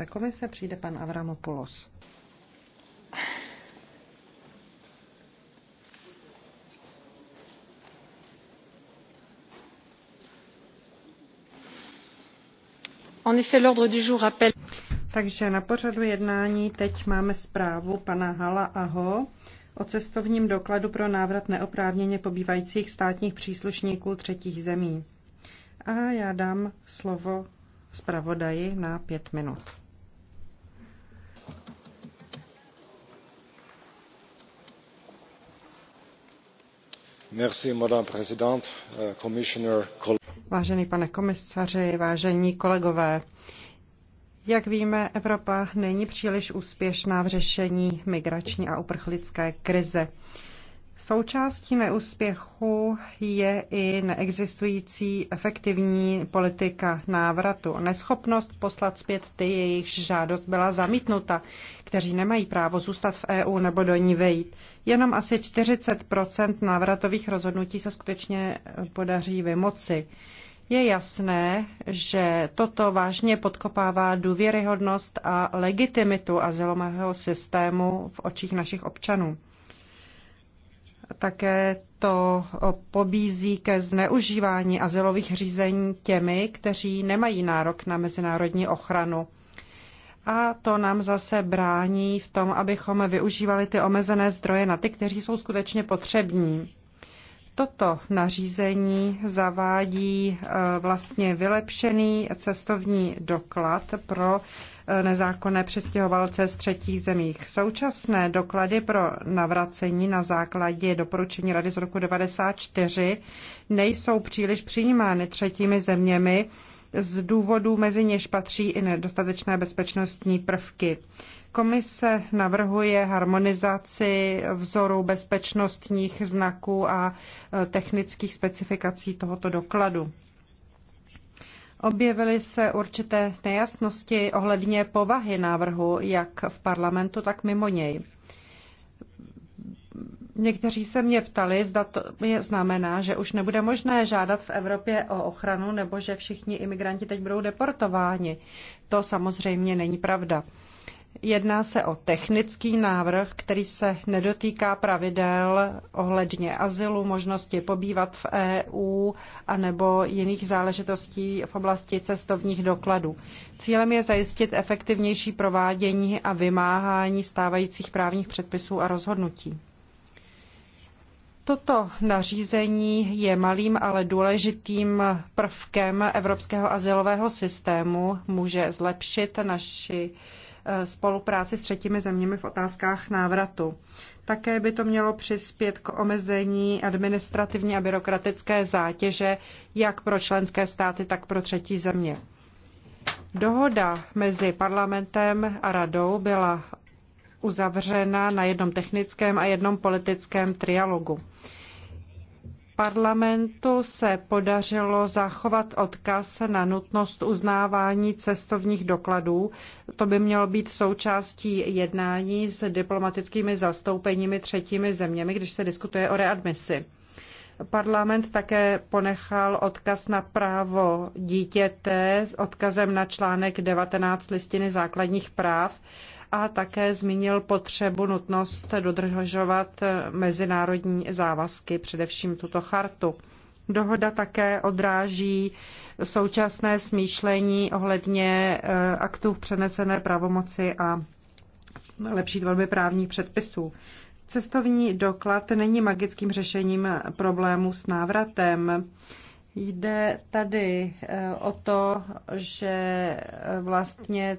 Za komise přijde pan Avramopoulos. En effet, l'ordre du jour appelle... Takže na pořadu jednání teď máme zprávu pana Hala Aho o cestovním dokladu pro návrat neoprávněně pobývajících státních příslušníků třetích zemí. A já dám slovo zpravodaji na pět minut. Euh, Vážený pane komisaři, vážení kolegové, jak víme, Evropa není příliš úspěšná v řešení migrační a uprchlické krize. Součástí neúspěchu je i neexistující efektivní politika návratu, neschopnost poslat zpět ty, jejichž žádost byla zamítnuta, kteří nemají právo zůstat v EU nebo do ní vejít. Jenom asi 40 návratových rozhodnutí se skutečně podaří vymoci. Je jasné, že toto vážně podkopává důvěryhodnost a legitimitu azylového systému v očích našich občanů také to pobízí ke zneužívání azylových řízení těmi, kteří nemají nárok na mezinárodní ochranu. A to nám zase brání v tom, abychom využívali ty omezené zdroje na ty, kteří jsou skutečně potřební. Toto nařízení zavádí e, vlastně vylepšený cestovní doklad pro nezákonné přestěhovalce z třetích zemích. Současné doklady pro navracení na základě doporučení Rady z roku 1994 nejsou příliš přijímány třetími zeměmi z důvodů, mezi něž patří i nedostatečné bezpečnostní prvky. Komise navrhuje harmonizaci vzoru bezpečnostních znaků a eh, technických specifikací tohoto dokladu. Objevily se určité nejasnosti ohledně povahy návrhu, jak v parlamentu, tak mimo něj. Někteří se mě ptali, zda to je znamená, že už nebude možné žádat v Evropě o ochranu nebo že všichni imigranti teď budou deportováni. To samozřejmě není pravda. Jedná se o technický návrh, který se nedotýká pravidel ohledně azylu, možnosti pobývat v EU a nebo jiných záležitostí v oblasti cestovních dokladů. Cílem je zajistit efektivnější provádění a vymáhání stávajících právních předpisů a rozhodnutí. Toto nařízení je malým, ale důležitým prvkem evropského azylového systému. Může zlepšit naši spolupráci s třetími zeměmi v otázkách návratu. Také by to mělo přispět k omezení administrativní a byrokratické zátěže jak pro členské státy, tak pro třetí země. Dohoda mezi parlamentem a radou byla uzavřena na jednom technickém a jednom politickém trialogu parlamentu se podařilo zachovat odkaz na nutnost uznávání cestovních dokladů. To by mělo být součástí jednání s diplomatickými zastoupeními třetími zeměmi, když se diskutuje o readmisi. Parlament také ponechal odkaz na právo dítěte s odkazem na článek 19 listiny základních práv a také zmínil potřebu nutnost dodržovat mezinárodní závazky, především tuto chartu. Dohoda také odráží současné smýšlení ohledně eh, aktů v přenesené pravomoci a lepší tvorby právních předpisů. Cestovní doklad není magickým řešením problému s návratem. Jde tady eh, o to, že eh, vlastně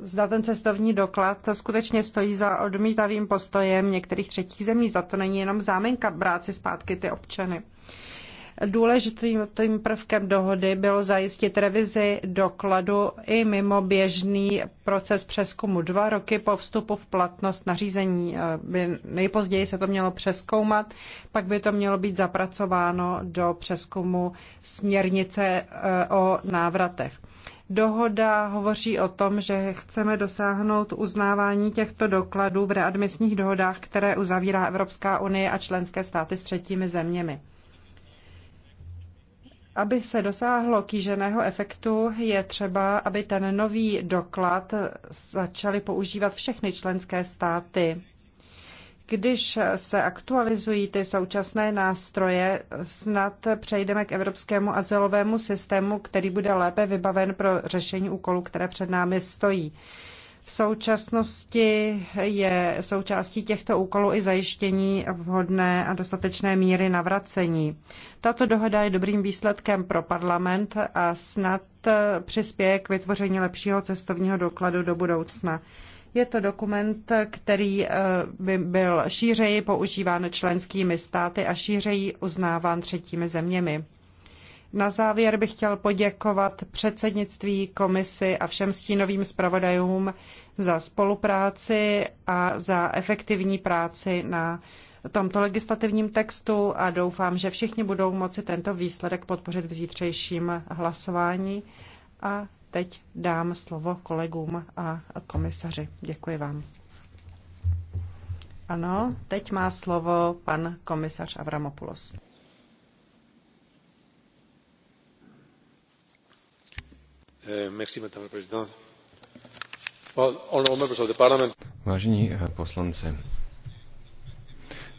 zda ten cestovní doklad skutečně stojí za odmítavým postojem některých třetích zemí. Za to není jenom zámenka brát si zpátky ty občany. Důležitým prvkem dohody bylo zajistit revizi dokladu i mimo běžný proces přeskumu. Dva roky po vstupu v platnost nařízení eh, by nejpozději se to mělo přeskoumat, pak by to mělo být zapracováno do přeskumu směrnice eh, o návratech. Dohoda hovoří o tom, že chceme dosáhnout uznávání těchto dokladů v readmisních dohodách, které uzavírá Evropská unie a členské státy s třetími zeměmi. Aby se dosáhlo kýženého efektu, je třeba, aby ten nový doklad začaly používat všechny členské státy. Když se aktualizují ty současné nástroje, snad přejdeme k evropskému azylovému systému, který bude lépe vybaven pro řešení úkolů, které před námi stojí. V současnosti je součástí těchto úkolů i zajištění vhodné a dostatečné míry navracení. Tato dohoda je dobrým výsledkem pro parlament a snad přispěje k vytvoření lepšího cestovního dokladu do budoucna. Je to dokument, který eh, by byl šířeji používán členskými státy a šířeji uznáván třetími zeměmi. Na závěr bych chtěl poděkovat předsednictví, komisi a všem stínovým zpravodajům za spolupráci a za efektivní práci na tomto legislativním textu a doufám, že všichni budou moci tento výsledek podpořit v zítřejším hlasování. A Teď dám slovo kolegům a komisaři. Děkuji vám. Ano, teď má slovo pan komisař Avramopoulos. Eh, Vážení eh, poslanci,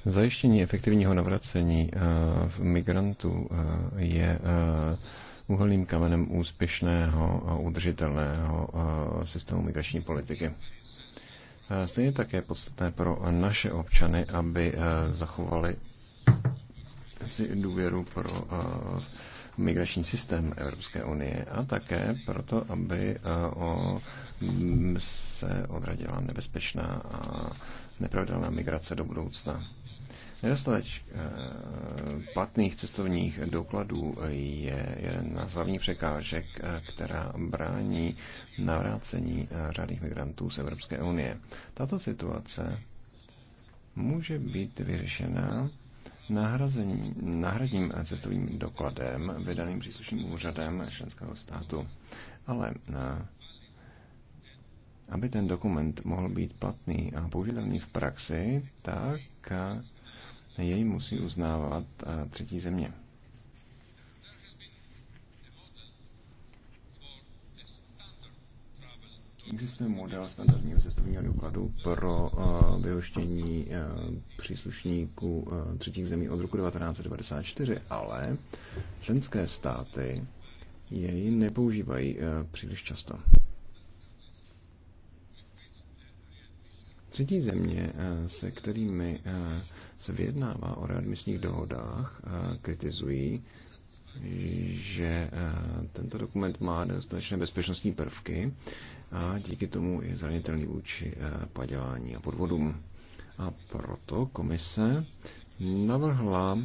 zajištění efektivního navracení eh, migrantů je uhelným kamenem úspěšného a udržitelného systému migrační politiky. Stejně tak je podstatné pro naše občany, aby zachovali si důvěru pro migrační systém Evropské unie a také proto, aby se odradila nebezpečná a nepravidelná migrace do budoucna. Nedostatek eh, platných cestovních dokladů je jeden z hlavních překážek, eh, která brání navrácení eh, řádných migrantů z Evropské unie. Tato situace může být vyřešena náhradním cestovním dokladem vydaným příslušným úřadem členského státu. Ale aby ten dokument mohl být platný a použitelný v praxi, tak jej musí uznávat eh, třetí země. Existuje model standardního cestovního dokladu pro uh, vyhoštění uh, příslušníků uh, třetích zemí od roku 1994, ale členské státy jej nepoužívají uh, příliš často. Třetí země, eh, se kterými eh, se vyjednává o readmisních dohodách, eh, kritizují, že tento dokument má dostatečné bezpečnostní prvky a díky tomu je zranitelný vůči padělání a podvodům. A proto komise navrhla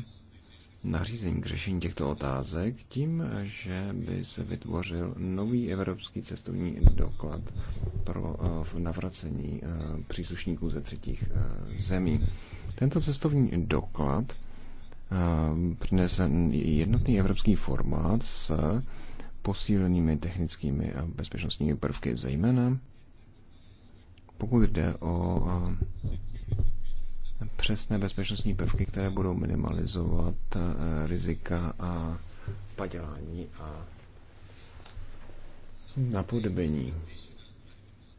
nařízení k řešení těchto otázek tím, že by se vytvořil nový evropský cestovní doklad pro eh, navracení eh, příslušníků ze třetích eh, zemí. Tento cestovní doklad přinese jednotný evropský formát s posílenými technickými a bezpečnostními prvky, zejména pokud jde o přesné bezpečnostní prvky, které budou minimalizovat eh, rizika a padělání a napodobení.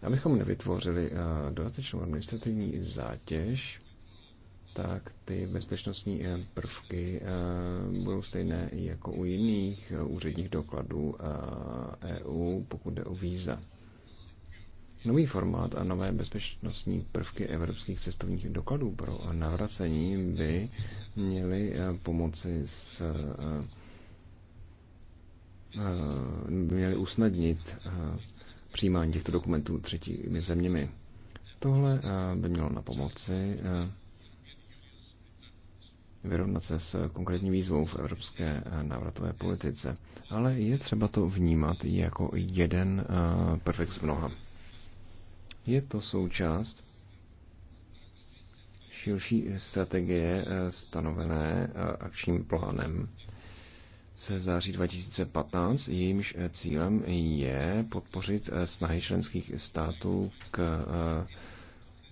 Abychom nevytvořili eh, dodatečnou administrativní zátěž, tak ty bezpečnostní eh, prvky budou stejné jako u jiných úředních dokladů EU, e pokud jde o víza. Nový formát a nové bezpečnostní prvky evropských cestovních dokladů pro navracení by měly eh, pomoci s eh, eh, měly usnadnit přijímání těchto dokumentů třetími zeměmi. Tohle by mělo na pomoci vyrovnat se s konkrétní výzvou v evropské návratové politice. Ale je třeba to vnímat jako jeden prvek z mnoha. Je to součást širší strategie eh, stanovené eh, akčním plánem se září 2015. Jejímž eh, cílem je podpořit snahy členských států k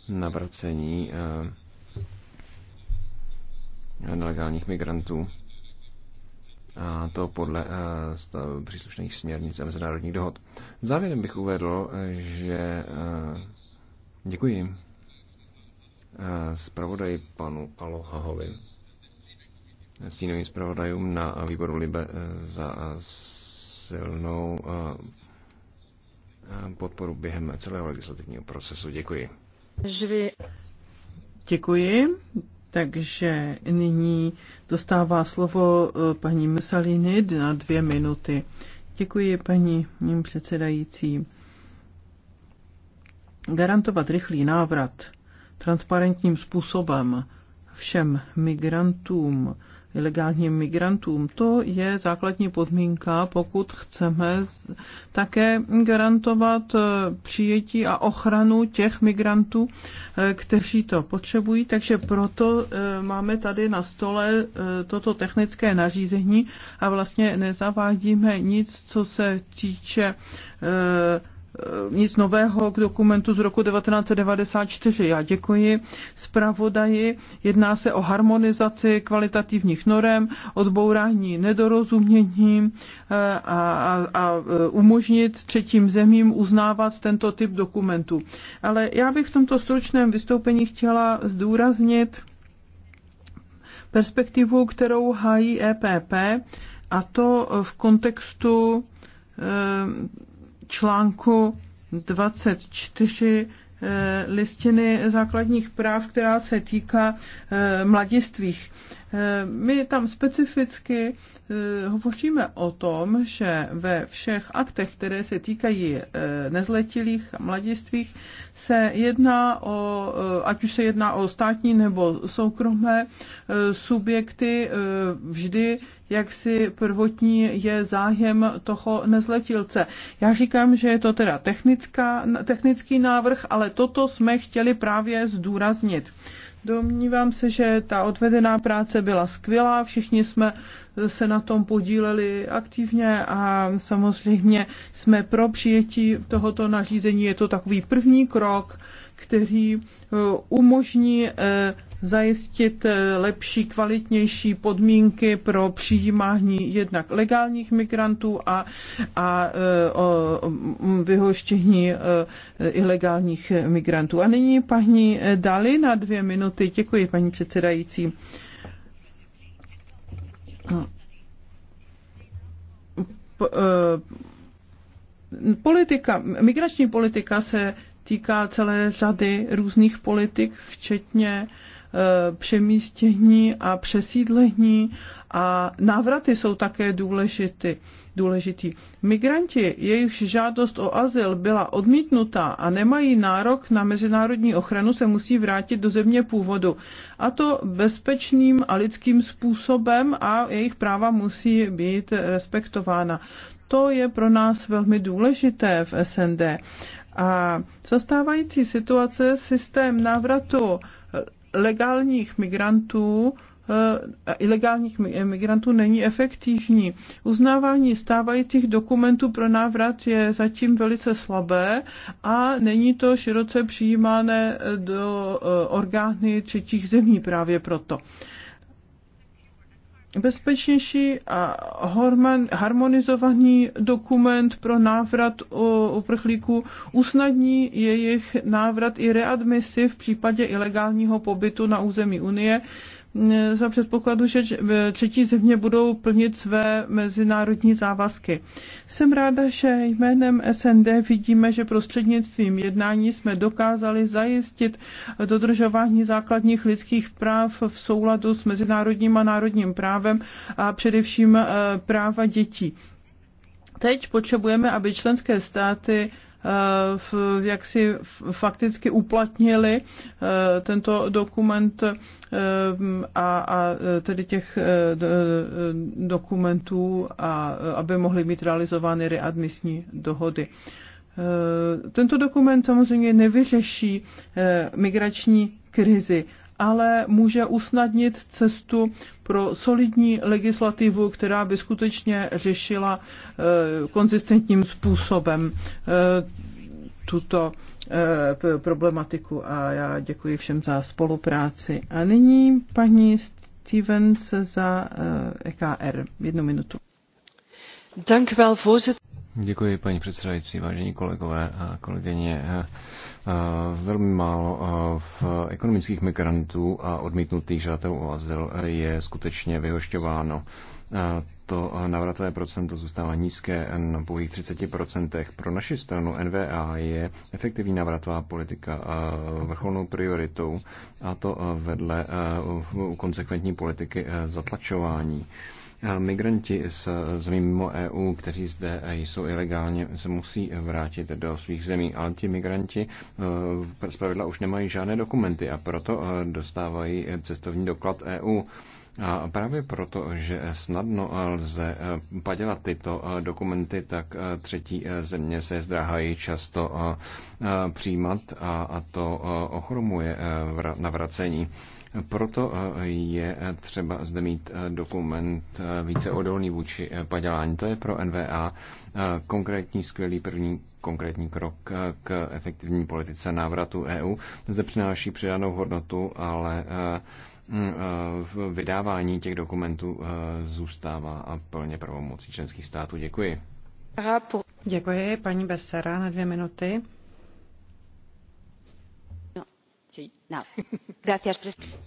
navracení nelegálních migrantů a to podle eh, příslušných směrnic a mezinárodních dohod. Závěrem bych uvedl, že eh, děkuji eh, zpravodaji panu Alohahovi stínovým zpravodajům na výboru Libe za silnou podporu během celého legislativního procesu. Děkuji. Žvy. Děkuji. Takže nyní dostává slovo eh, paní Mussolini na dvě minuty. Děkuji, paní předsedající. Garantovat rychlý návrat transparentním způsobem všem migrantům, ilegálním migrantům. To je základní podmínka, pokud chceme také garantovat eh, přijetí a ochranu těch migrantů, eh, kteří to potřebují. Takže proto eh, máme tady na stole toto technické nařízení a vlastně nezavádíme nic, co se týče Eh, nic nového k dokumentu z roku 1994. Já děkuji zpravodaji. Jedná se o harmonizaci kvalitativních norem, odbourání nedorozumění eh, a, a, a eh, umožnit třetím zemím uznávat tento typ dokumentu. Ale já bych v tomto stručném vystoupení chtěla zdůraznit perspektivu, kterou hájí EPP, a to v kontextu e, článku 24 eh, listiny základních práv, která se týká eh, mladistvých. My tam specificky eh, hovoříme o tom, že ve všech aktech, které se týkají eh, nezletilých a mladistvých, se jedná o, eh, ať už se jedná o státní nebo soukromé subjekty, vždy jak si prvotní je zájem toho nezletilce. Já říkám, že je to teda technická, technický návrh, ale toto jsme chtěli právě zdůraznit. Domnívám se, že ta odvedená práce byla skvělá, všichni jsme se na tom podíleli aktivně a samozřejmě jsme pro přijetí tohoto nařízení. Je to takový první krok, který eh, umožní eh, zajistit eh, lepší, kvalitnější podmínky pro přijímání jednak legálních migrantů a, a eh, o, mm, vyhoštění eh, ilegálních migrantů. A nyní paní Dali na dvě minuty. Děkuji, paní předsedající. P, politika, migrační politika se týká celé řady různých politik, včetně Eh, přemístění a přesídlení a návraty jsou také důležitý, důležitý. Migranti, jejichž žádost o azyl byla odmítnutá a nemají nárok na mezinárodní ochranu, se musí vrátit do země původu. A to bezpečným a lidským způsobem a jejich práva musí být respektována. To je pro nás velmi důležité v SND. A zastávající situace systém návratu legálních migrantů eh, ilegálních migrantů není efektivní. Uznávání stávajících dokumentů pro návrat je zatím velice slabé a není to široce přijímané do eh, orgány třetích zemí právě proto bezpečnější a harmonizovaný dokument pro návrat uprchlíků usnadní jejich návrat i readmisi v případě ilegálního pobytu na území Unie za předpokladu, že třetí země budou plnit své mezinárodní závazky. Jsem ráda, že jménem SND vidíme, že prostřednictvím jednání jsme dokázali zajistit dodržování základních lidských práv v souladu s mezinárodním a národním právem a především eh, práva dětí. Teď potřebujeme, aby členské státy Eh, jak si fakticky uplatnili eh, tento dokument eh, a, a tedy těch dokumentů, a, aby mohly být realizovány readmisní dohody. Tento dokument samozřejmě nevyřeší migrační krizi, ale může usnadnit cestu pro solidní legislativu, která by skutečně řešila eh, konzistentním způsobem eh, tuto eh, problematiku a já děkuji všem za spolupráci. A nyní paní Stevens za EKR. E Jednu minutu. Dank wel, voorzitter. Děkuji, paní předsedající, vážení kolegové a kolegyně. Eh, eh, velmi málo eh, v ekonomických migrantů a odmítnutých žadatelů o azyl je skutečně vyhošťováno. To navratové procento zůstává nízké na pouhých 30%. Pro naši stranu NVA je efektivní navratová politika vrcholnou prioritou a to vedle konsekventní politiky zatlačování. Migranti z zemí mimo EU, kteří zde jsou ilegálně, se musí vrátit do svých zemí, ale ti migranti eh, zpravidla už nemají žádné dokumenty a proto eh, dostávají cestovní doklad EU. A právě proto, že snadno eh, lze padělat tyto dokumenty, tak třetí země se zdráhají často přijímat a to ochromuje navracení. Proto eh, je eh, třeba zde mít eh, dokument více odolný vůči padělání. To je pro NVA konkrétní skvělý první konkrétní krok k efektivní politice návratu EU. Zde přináší přidanou hodnotu, ale mm, v vydávání těch dokumentů zůstává a plně pravomocí členských států. Děkuji. Děkuji, paní Besera, na dvě minuty. No, No,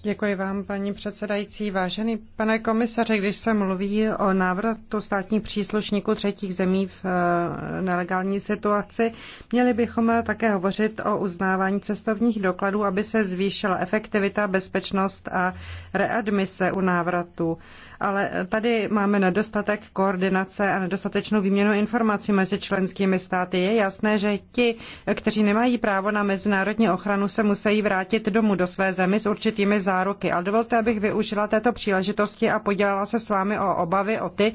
Děkuji vám, paní předsedající. Vážený pane komisaři, když se mluví o návratu státních příslušníků třetích zemí v eh, nelegální situaci, měli bychom také hovořit o uznávání cestovních dokladů, aby se zvýšila efektivita, bezpečnost a readmise u návratu. Ale tady máme nedostatek koordinace a nedostatečnou výměnu informací mezi členskými státy. Je jasné, že ti, kteří nemají právo na mezinárodní ochranu, se musejí vrátit domů do své zemi s určitými záruky. Ale dovolte, abych využila této příležitosti a podělala se s vámi o obavy o ty,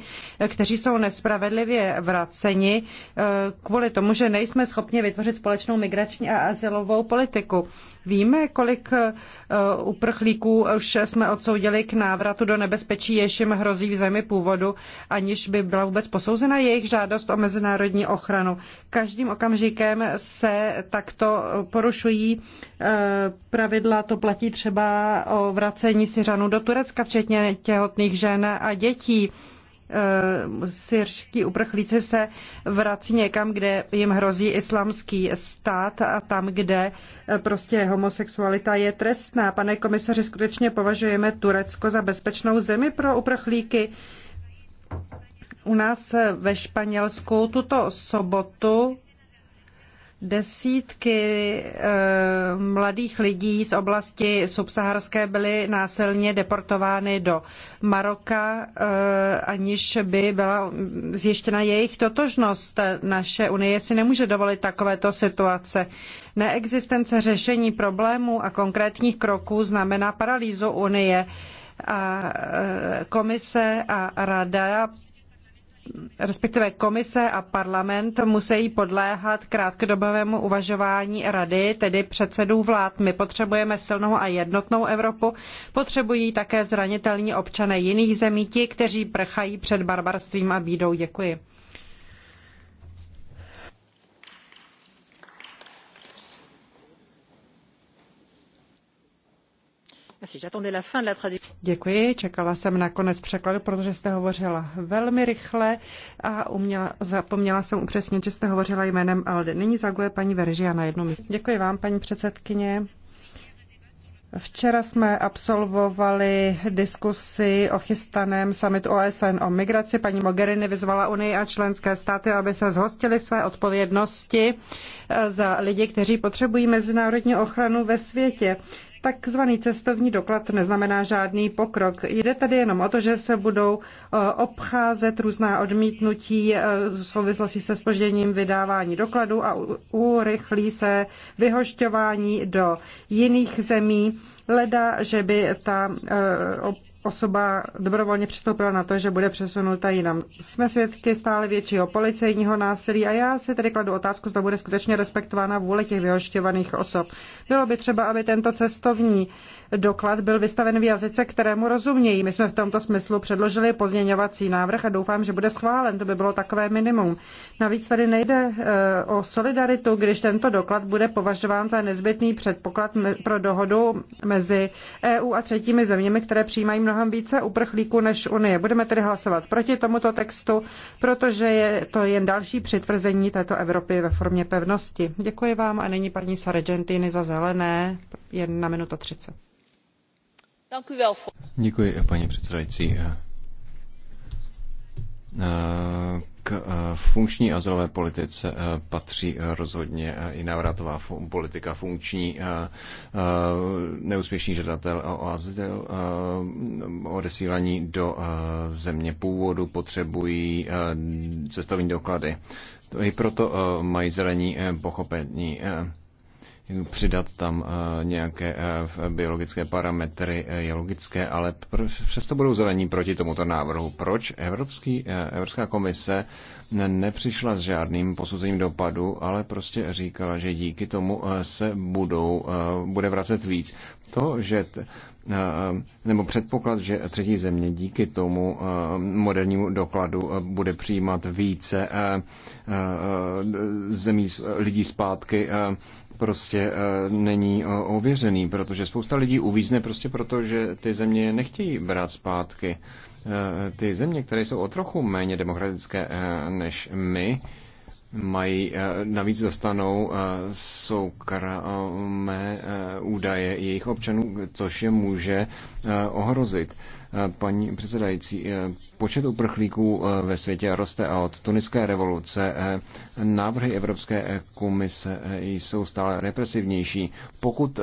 kteří jsou nespravedlivě vraceni eh, kvůli tomu, že nejsme schopni vytvořit společnou migrační a asilovou politiku. Víme, kolik eh, uprchlíků už jsme odsoudili k návratu do nebezpečí, jež jim hrozí v zemi původu, aniž by byla vůbec posouzena jejich žádost o mezinárodní ochranu. Každým okamžikem se takto porušují eh, pravidla. To platí třeba o vracení Syřanů do Turecka, včetně těhotných žen a dětí syrští uprchlíci se vrací někam, kde jim hrozí islamský stát a tam, kde eh, prostě homosexualita je trestná. Pane komisaři, skutečně považujeme Turecko za bezpečnou zemi pro uprchlíky. U nás eh, ve Španělsku tuto sobotu Desítky eh, mladých lidí z oblasti subsaharské byly násilně deportovány do Maroka, eh, aniž by byla zjištěna jejich totožnost. Naše unie si nemůže dovolit takovéto situace. Neexistence řešení problémů a konkrétních kroků znamená paralýzu unie a eh, komise a rada respektive komise a parlament musí podléhat krátkodobému uvažování rady, tedy předsedů vlád. My potřebujeme silnou a jednotnou Evropu, potřebují také zranitelní občané jiných zemí, ti, kteří prchají před barbarstvím a bídou. Děkuji. Ah, Děkuji, čekala jsem na konec překladu, protože jste hovořila velmi rychle a uměla, zapomněla jsem upřesnit, že jste hovořila jménem Alde. Nyní zaguje paní Veržia na jednu místě. Děkuji vám, paní předsedkyně. Včera jsme absolvovali diskusi o chystaném summit OSN o migraci. Paní Mogherini vyzvala Unii a členské státy, aby se zhostili své odpovědnosti za lidi, kteří potřebují mezinárodní ochranu ve světě. Takzvaný cestovní doklad neznamená žádný pokrok. Jde tady jenom o to, že se budou eh, obcházet různá odmítnutí eh, v souvislosti se spožděním vydávání dokladu a urychlí se vyhošťování do jiných zemí. Leda, že by ta eh, osoba dobrovolně přistoupila na to, že bude přesunuta jinam. Jsme svědky stále většího policejního násilí a já si tedy kladu otázku, zda bude skutečně respektována vůle těch vyhošťovaných osob. Bylo by třeba, aby tento cestovní doklad byl vystaven v jazyce, kterému rozumějí. My jsme v tomto smyslu předložili pozměňovací návrh a doufám, že bude schválen. To by bylo takové minimum. Navíc tady nejde eh, o solidaritu, když tento doklad bude považován za nezbytný předpoklad pro dohodu mezi EU a třetími zeměmi, které přijímají mnohem více uprchlíků než Unie. Budeme tedy hlasovat proti tomuto textu, protože je to jen další přitvrzení této Evropy ve formě pevnosti. Děkuji vám a nyní paní Sargentini za zelené. Jedna minuta třicet. Děkuji, paní předsedající. Eh, k eh, funkční azylové politice eh, patří eh, rozhodně i návratová politika funkční. Neúspěšný žadatel o azyl, odesílání do země původu potřebují cestovní doklady. To i proto mají zelení pochopení přidat tam eh, nějaké eh, biologické parametry eh, je logické, ale přesto budou zelení proti tomuto návrhu. Proč Evropský, Evropská komise nepřišla s žádným posuzením dopadu, ale prostě říkala, že díky tomu se budou, bude vracet víc. To, že t, nebo předpoklad, že třetí země díky tomu modernímu dokladu bude přijímat více zemí, lidí zpátky, prostě eh, není eh, ověřený, protože spousta lidí uvízne prostě proto, že ty země nechtějí brát zpátky. Eh, ty země, které jsou o trochu méně demokratické než my, mají, navíc dostanou soukromé údaje jejich občanů, což je může Eh, ohrozit. Eh, paní předsedající, eh, počet uprchlíků ve světě roste a od tuniské revoluce návrhy Evropské komise jsou stále represivnější. Pokud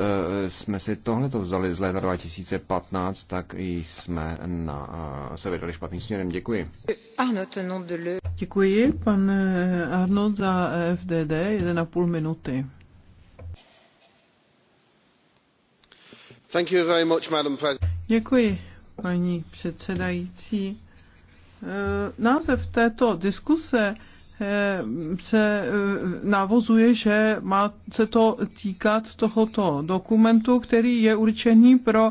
jsme si tohleto vzali z léta 2015, tak jsme na, se vydali špatným směrem. Děkuji. Děkuji, pane Arnold, za FDD 1,5 minuty. paní předsedající. Eh, název této diskuse eh, se eh, navozuje, že má se to týkat tohoto dokumentu, který je určený pro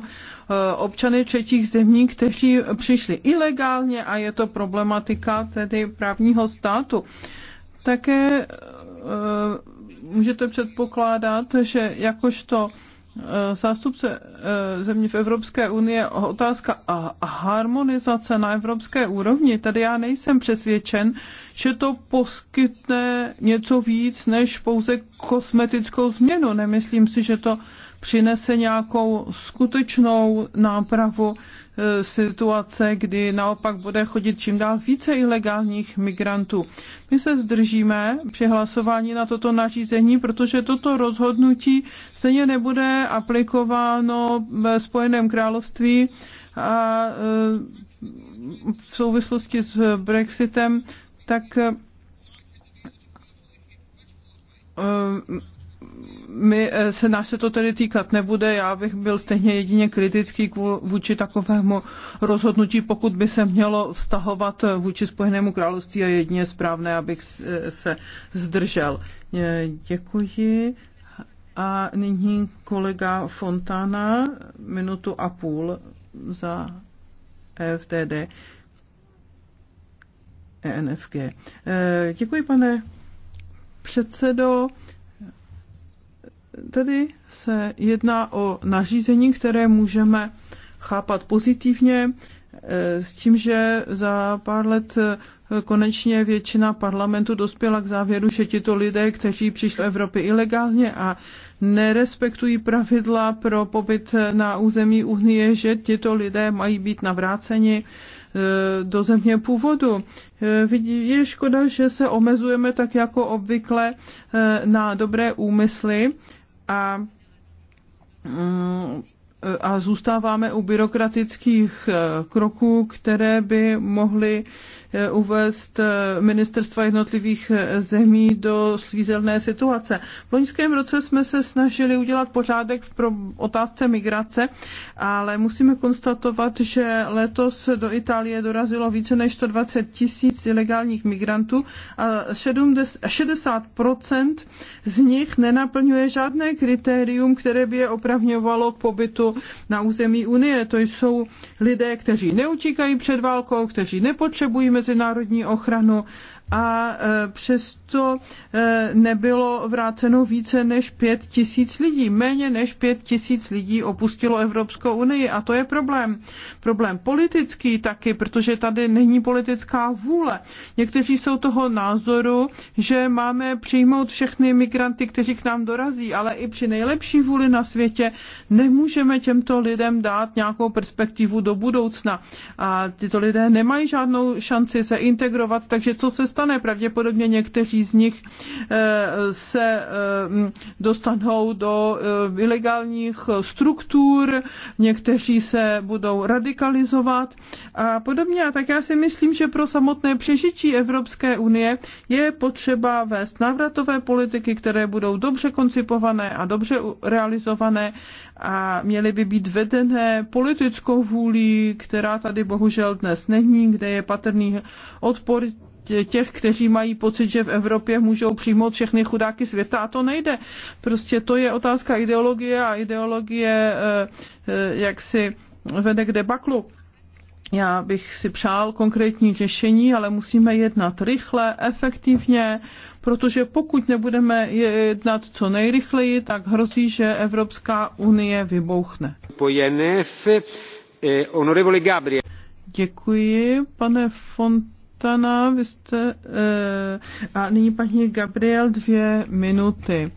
občany třetích zemí, kteří přišli ilegálně a je to problematika tedy právního státu. Také můžete předpokládat, že jakožto zástupce eh, země v Evropské unie otázka a harmonizace na evropské úrovni, tady já nejsem přesvědčen, že to poskytne něco víc než pouze kosmetickou změnu. Nemyslím si, že to přinese nějakou skutečnou nápravu e, situace, kdy naopak bude chodit čím dál více ilegálních migrantů. My se zdržíme při hlasování na toto nařízení, protože toto rozhodnutí stejně nebude aplikováno ve Spojeném království a e, v souvislosti s Brexitem, tak e, my eh, se nás se to tedy týkat nebude, já bych byl stejně jedině kritický vůči takovému rozhodnutí, pokud by se mělo vztahovat eh, vůči Spojenému království a jedině správné, abych eh, se zdržel. Děkuji. A nyní kolega Fontana, minutu a půl za EFTD. ENFG. Děkuji, pane předsedo. Tedy se jedná o nařízení, které můžeme chápat pozitivně, e, s tím, že za pár let e, konečně většina parlamentu dospěla k závěru, že tito lidé, kteří přišli do Evropy ilegálně a nerespektují pravidla pro pobyt na území Unie, že tito lidé mají být navráceni e, do země původu. Je škoda, že se omezujeme tak jako obvykle na dobré úmysly a mm, a zůstáváme u byrokratických eh, kroků, které by mohly eh, uvést eh, ministerstva jednotlivých zemí do svízelné situace. V loňském roce jsme se snažili udělat pořádek v otázce migrace, ale musíme konstatovat, že letos do Itálie dorazilo více než 120 tisíc ilegálních migrantů a 70 z nich nenaplňuje žádné kritérium, které by je opravňovalo k pobytu na území Unie. To jsou lidé, kteří neutíkají před válkou, kteří nepotřebují mezinárodní ochranu a e, přes to eh, nebylo vráceno více než pět tisíc lidí. Méně než pět tisíc lidí opustilo Evropskou unii a to je problém. Problém politický taky, protože tady není politická vůle. Někteří jsou toho názoru, že máme přijmout všechny migranty, kteří k nám dorazí, ale i při nejlepší vůli na světě nemůžeme těmto lidem dát nějakou perspektivu do budoucna. A tyto lidé nemají žádnou šanci se integrovat, takže co se stane? Pravděpodobně někteří někteří z nich eh, se eh, dostanou do eh, ilegálních struktur, někteří se budou radikalizovat a podobně. A tak já si myslím, že pro samotné přežití Evropské unie je potřeba vést návratové politiky, které budou dobře koncipované a dobře realizované a měly by být vedené politickou vůlí, která tady bohužel dnes není, kde je patrný odpor těch, kteří mají pocit, že v Evropě můžou přijmout všechny chudáky světa a to nejde. Prostě to je otázka ideologie a ideologie eh, eh, jak si vede k debaklu. Já bych si přál konkrétní řešení, ale musíme jednat rychle, efektivně, protože pokud nebudeme jednat co nejrychleji, tak hrozí, že Evropská unie vybouchne. Po JNF, eh, Gabriel. Děkuji, pane Font Tana, vy jste, eh, a nyní paní Gabriel dvě minuty.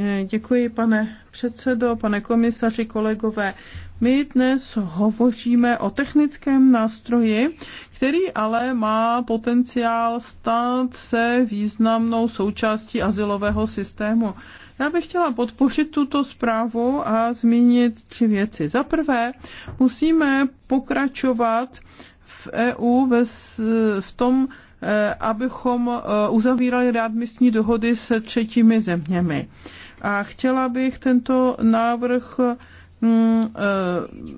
Eh, děkuji, pane předsedo, pane komisaři, kolegové. My dnes hovoříme o technickém nástroji, který ale má potenciál stát se významnou součástí asilového systému. Já bych chtěla podpořit tuto zprávu a zmínit tři věci. Za prvé, musíme pokračovat v EU ve, v tom, eh, abychom eh, uzavírali readmisní dohody se třetími zeměmi. A chtěla bych tento návrh mm, eh,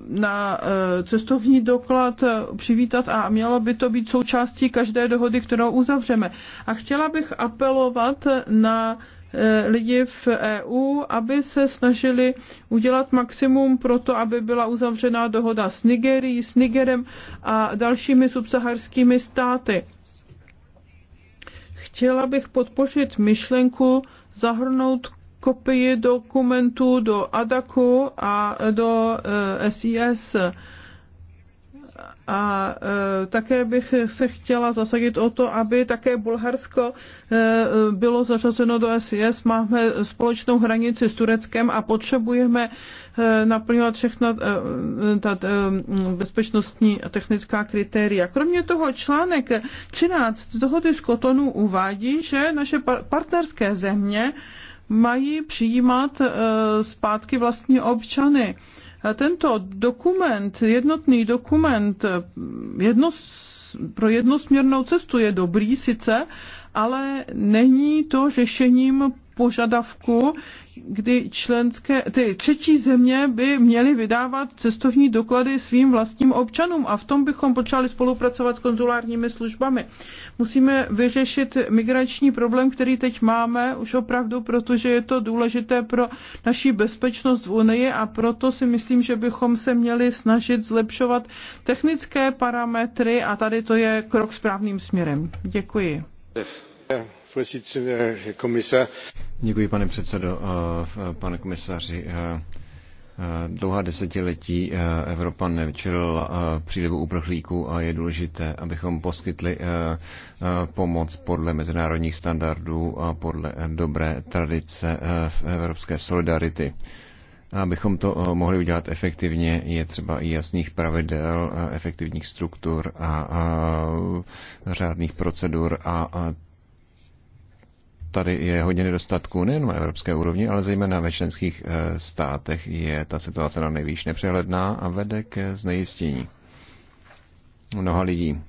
na cestovní doklad přivítat a mělo by to být součástí každé dohody, kterou uzavřeme. A chtěla bych apelovat na Eh, lidi v EU, aby se snažili udělat maximum pro to, aby byla uzavřena dohoda s Nigerií, s Nigerem a dalšími subsaharskými státy. Chtěla bych podpořit myšlenku zahrnout kopii dokumentů do ADAKu a do SIS eh, a e, také bych se chtěla zasadit o to, aby také Bulharsko e, bylo zařazeno do SIS. Máme společnou hranici s Tureckem a potřebujeme e, naplňovat všechna ta bezpečnostní a technická kritéria. Kromě toho článek 13 dohody z Kotonu uvádí, že naše partnerské země mají přijímat zpátky vlastní občany tento dokument, jednotný dokument jedno, pro jednosměrnou cestu je dobrý sice, ale není to řešením požadavku, kdy členské, ty třetí země by měly vydávat cestovní doklady svým vlastním občanům a v tom bychom potřebovali spolupracovat s konzulárními službami. Musíme vyřešit migrační problém, který teď máme už opravdu, protože je to důležité pro naši bezpečnost v Unii a proto si myslím, že bychom se měli snažit zlepšovat technické parametry a tady to je krok správným směrem. Děkuji. Yeah pane předsedající eh, pane komisaři. Eh, eh, dlouhá desetiletí Evropa nečelila přílivu uprchlíků a je důležité, abychom poskytli pomoc podle mezinárodních standardů a podle dobré tradice evropské solidarity. Abychom to mohli udělat efektivně, je třeba i jasných pravidel, efektivních struktur a, řádných procedur a, a tady je hodně nedostatků nejen na evropské úrovni, ale zejména ve členských eh, státech je ta situace na nejvýš nepřehledná a vede ke znejistění mnoha lidí.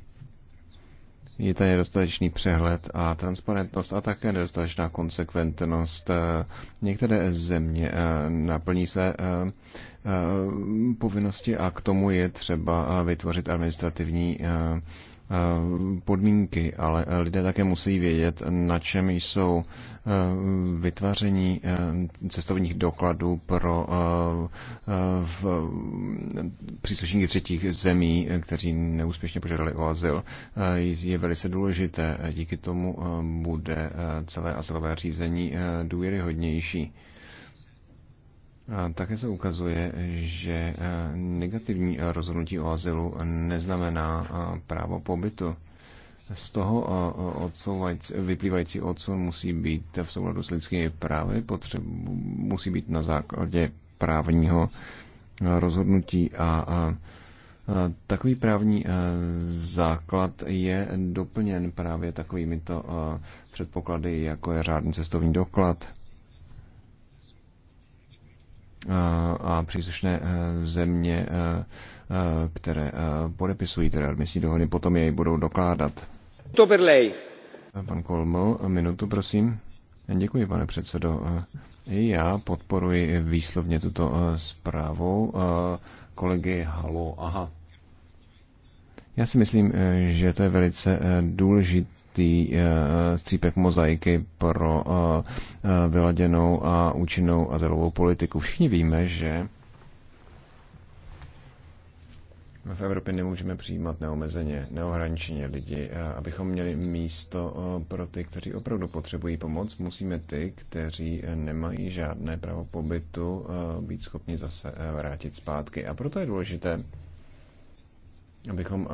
Je tady nedostatečný přehled a transparentnost a také nedostatečná konsekventnost. Eh, některé země eh, naplní své povinnosti a k tomu je třeba vytvořit administrativní Eh, podmínky, ale eh, lidé také musí vědět, na čem jsou eh, vytváření cestovních dokladů pro příslušníky třetích zemí, kteří neúspěšně požadali o azyl, je velice důležité. Díky tomu bude celé azylové řízení důvěryhodnější. Také se ukazuje, že e, negativní rozhodnutí o azylu neznamená e, právo pobytu. Z toho e, vyplývající odsun musí být v souladu s lidskými právy, potřebu, musí být na základě právního rozhodnutí a, a Takový právní základ je doplněn právě takovými to předpoklady, jako je řádný cestovní doklad, a příslušné e, země, e, e, které podepisují tedy admisní dohody, potom jej budou dokládat. To berlej. Pan Kolmo, minutu prosím. Děkuji, pane předsedo. I já podporuji výslovně tuto zprávu kolegy Halo. Aha. Já si myslím, že to je velice důležité uh, střípek mozaiky pro eh, eh, vyladěnou a účinnou azylovou politiku. Všichni víme, že v Evropě nemůžeme přijímat neomezeně, neohraničeně lidi. Abychom měli místo pro ty, kteří opravdu potřebují pomoc, musíme ty, kteří nemají žádné právo pobytu, být schopni zase vrátit zpátky. A proto je důležité, abychom eh,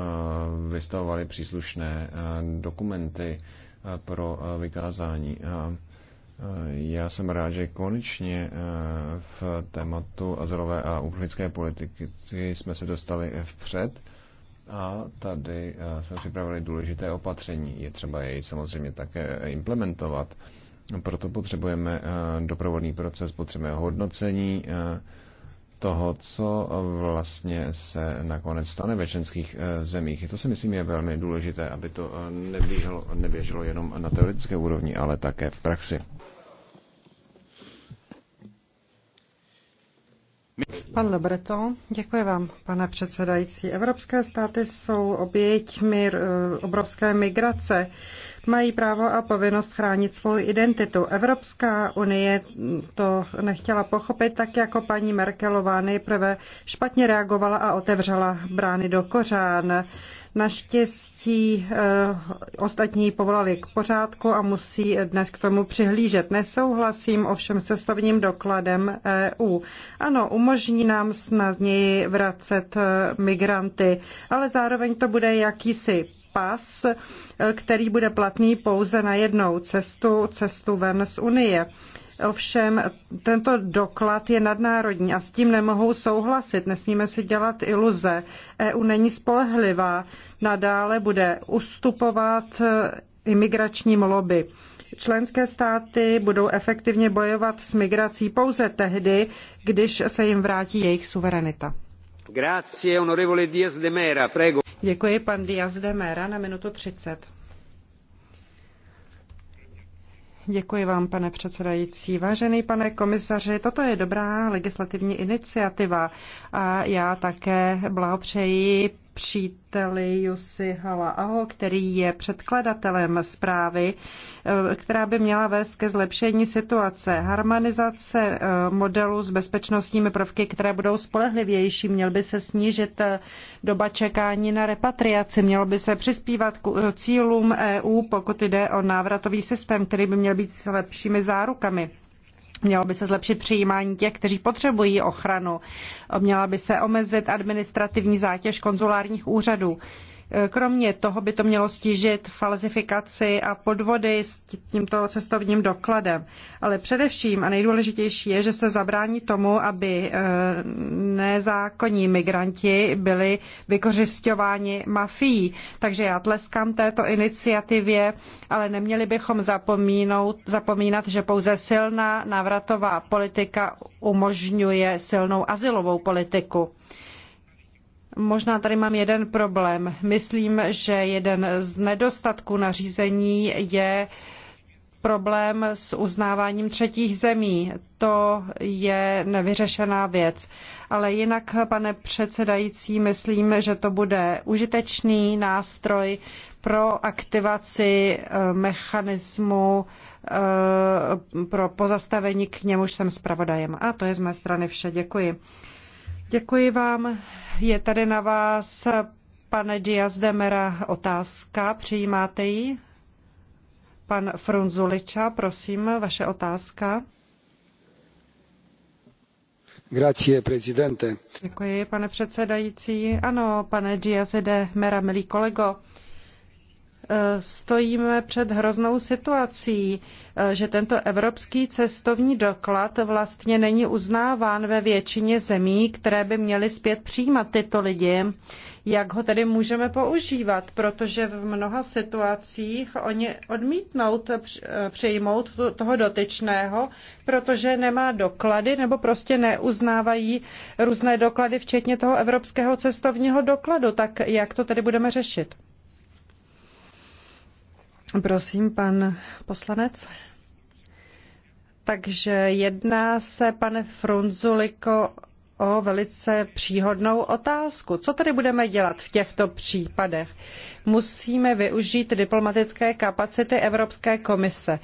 vystavovali příslušné eh, dokumenty eh, pro vykázání. Já jsem rád, že konečně v tématu azylové a uprchlické politiky jsme se dostali vpřed a tady jsme připravili důležité opatření. Je třeba jej samozřejmě také implementovat. Proto potřebujeme doprovodný proces, potřebujeme hodnocení, toho, co vlastně se nakonec stane ve členských eh, zemích. To si myslím je velmi důležité, aby to eh, neběželo, neběželo jenom na teoretické úrovni, ale také v praxi. Pan Lebreto, děkuji vám, pane předsedající. Evropské státy jsou oběťmi eh, obrovské migrace. Mají právo a povinnost chránit svou identitu. Evropská unie to nechtěla pochopit, tak jako paní Merkelová nejprve špatně reagovala a otevřela brány do kořán. Naštěstí eh, ostatní povolali k pořádku a musí dnes k tomu přihlížet. Nesouhlasím ovšem s cestovním dokladem EU. Ano, umožní nám snadněji vracet eh, migranty, ale zároveň to bude jakýsi pas, eh, který bude platný pouze na jednou cestu, cestu ven z Unie. Ovšem tento doklad je nadnárodní a s tím nemohou souhlasit. Nesmíme si dělat iluze. EU není spolehlivá. Nadále bude ustupovat eh, imigračním lobby. Členské státy budou efektivně bojovat s migrací pouze tehdy, když se jim vrátí jejich suverenita. Grazie, onorevole Díaz de Mera, prego. Děkuji, pan Díaz de Mera, na minutu 30. Děkuji vám, pane předsedající. Vážený pane komisaři, toto je dobrá legislativní iniciativa a já také blahopřeji příteli Jussi Halaaho, který je předkladatelem zprávy, eh, která by měla vést ke zlepšení situace. Harmonizace eh, modelu, s bezpečnostními prvky, které budou spolehlivější, měl by se snížit eh, doba čekání na repatriaci, mělo by se přispívat k cílům EU, pokud jde o návratový systém, který by měl být s lepšími zárukami. Mělo by se zlepšit přijímání těch, kteří potřebují ochranu. Měla by se omezit administrativní zátěž konzulárních úřadů. Kromě toho by to mělo stížit falzifikaci a podvody s tímto cestovním dokladem. Ale především a nejdůležitější je, že se zabrání tomu, aby eh, nezákonní migranti byli vykořišťováni mafií. Takže já tleskám této iniciativě, ale neměli bychom zapomínout, zapomínat, že pouze silná návratová politika umožňuje silnou asilovou politiku. Možná tady mám jeden problém. Myslím, že jeden z nedostatků nařízení je problém s uznáváním třetích zemí. To je nevyřešená věc. Ale jinak, pane předsedající, myslím, že to bude užitečný nástroj pro aktivaci eh, mechanismu eh, pro pozastavení, k němuž jsem zpravodajem. A to je z mé strany vše. Děkuji. Děkuji vám. Je tady na vás, pane Diaz Demera, otázka. Přijímáte ji? Pan Frunzuliča, prosím, vaše otázka. Grazie, prezidente. Děkuji, pane předsedající. Ano, pane Diaz de Mera, milý kolego stojíme před hroznou situací, že tento evropský cestovní doklad vlastně není uznáván ve většině zemí, které by měly zpět přijímat tyto lidi. Jak ho tedy můžeme používat? Protože v mnoha situacích oni odmítnout přijmout toho dotyčného, protože nemá doklady nebo prostě neuznávají různé doklady, včetně toho evropského cestovního dokladu. Tak jak to tedy budeme řešit? Prosím, pan poslanec. Takže jedná se, pane Frunzuliko, o velice příhodnou otázku. Co tedy budeme dělat v těchto případech? Musíme využít diplomatické kapacity Evropské komise.